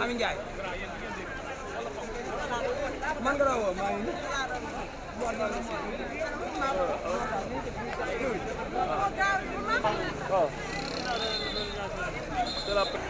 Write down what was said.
Ami Ndiaye. man nga maa ngi nii. Oh.